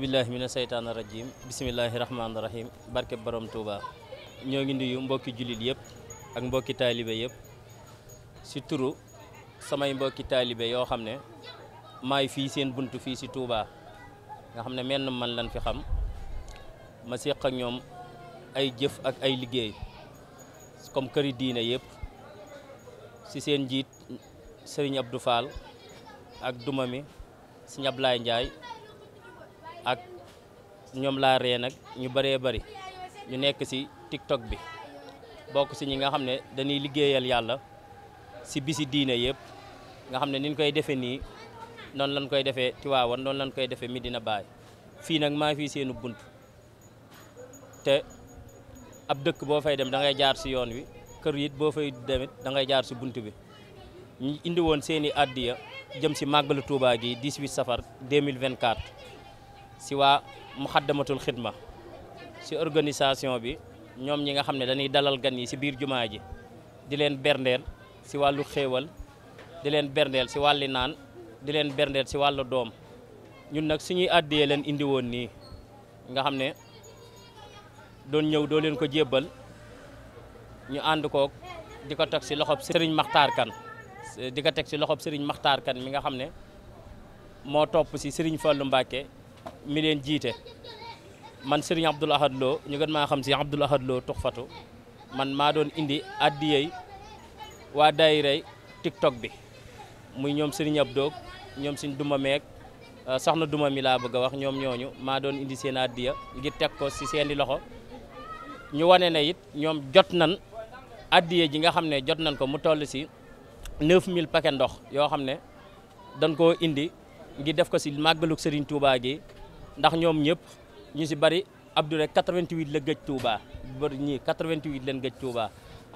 billahi mina seytaana rajim bisimillahi rahmaani rahim barke borom Touba ñoo ngi nuyu mbokki yëpp ak mbokki taalibe si turu samay mbokki taalibe yoo xam ne maay fii seen buntu fii si Touba nga xam ne menn man lan fi xam ma séq ak ñoom ay jëf ak ay liggéey comme këri diine yépp si seen njiit Serigne du Fall ak duma mi Serigne Ablaye ak ñoom laa ree nag ñu baree bari ñu nekk si tiktok bi bokk si ñi nga xam ne dañuy liggéeyal yàlla ci bisi diine yëpp nga xam ne niñ koy defee nii noonu lañ koy defee Tiwaawan noonu lañ koy defee Medina Baay fii nag maa fii seeni bunt te ab dëkk boo fay dem dangay jaar si yoon wi kër it boo fay demit da ngay jaar si bunt bi ñu indi woon seeni addiya jëm si ci màggalu Tuubaa gi 18 safar 2024 si waa muxaddamatul xidma si organisation bi ñoom ñi nga xam ne dañuy dalal gan yi si biir jumaa ji di leen berndeel si wàllu xeewal di leen berndeel si wàlli naan di leen berndeel si wàllu doom ñun nag suñuy àddiyee leen indi woon nii nga xam ne doon ñëw doo leen ko jébbal ñu ànd koog di ko teg si loxob sëriñ maxtaar kan di ko teg si loxob sëriñ maxtaar kan mi nga xam ne moo topp si sëriñ Fallu Mbàkke mi leen jiite man Serigne Abdoul Ahad Lo ñu gën maa xam si Abdoul Ahad Lo Tuxfatu man maa doon indi addiyey waa daayirey TikTok bi muy ñoom Serigne doog ñoom suñ duma meeg euh, soxna duma mi laa bëgg a wax ñoom ñooñu maa doon indi seen addiya ngir teg ko si seeni loxo ñu wane ne it ñoom jot nan addiya ji nga xam ne jot nan ko mu toll si 9000 pake ndox yoo xam ne dañ ko indi ngir def ko si màggalug Serigne Touba gi ndax ñoom ñëpp ñu si bari Abdou rek 88 la gëj Touba bari ñii 88 leen gëj Touba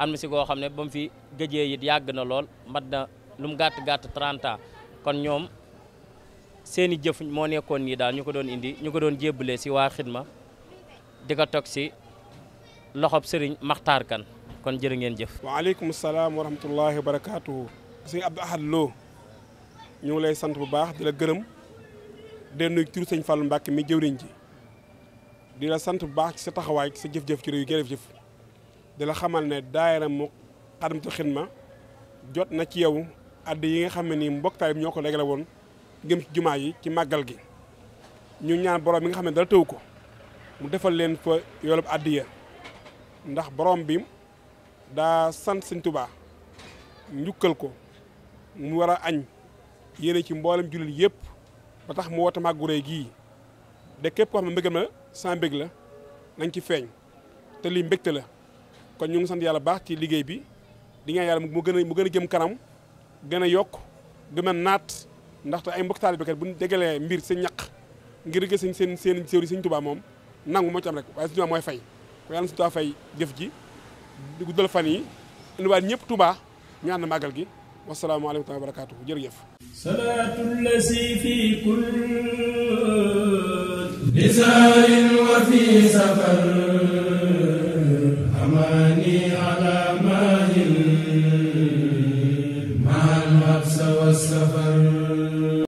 am na si koo xam ne ba mu fi gëjee it yàgg na lool mat na lu mu gàtt gàtt 30 kon ñoom seeni jëf moo nekkoon nii daal ñu ko doon indi ñu ko doon jébbalee si waa xidma di ko toog si loxob sëriñ Makhtar Kane kon jërë ngeen jëf. waaleykum salaam wa rahmatullahi wa barakaatuhu. Serigne Abdou Ahad Lo. ñu ngi lay sant bu baax di la gërëm di nuyu tur sëñ Fallou Mbacke mi jëwriñ ji di la sant bu baax ci sa taxawaay ci sa jëf-jëf ci réew yi jëf di la xamal ne daayira mu xadamtu xidma jot na ci yow àdd yi nga xam ne nii mbokktaay bi ñoo ko léegale woon ngëm ci jumaa yi ci màggal gi ñu ñaan borom bi nga xam ne dala tëw ko mu defal leen fa yoolub àddiya ndax boroom bi daa sant sëñ Tuubaa njukkal ko mu war a añ yéene ci mboolem jullit yëpp ba tax mu woote màggu réy gii de képp koo xam ne mbëggam la sans mbég la nañ ci feeñ te lii mbégte la kon ñu ngi sant yàlla baax ci liggéey bi di nga yàlla mu gën a mu gën a jëm kanam gën a yokk gën a naat ndaxte ay mbokk taalibe kat bu ñu dégalee mbir seen ñaq ngir gis seen seen seen sëriñ Sëriñ Tuubaa moom nangu moo ci am rek waaye Sëriñ Tuubaa mooy fay ko yàlla Sëriñ Tuubaa fay jëf ji guddal fan yi indiwaat ñëpp tubaa ñu ànd màggal gi wasalaamaaleykum wa barakaatuhu jërëjëf صلاة الذي في كل بسار وفي سفر حماني على ما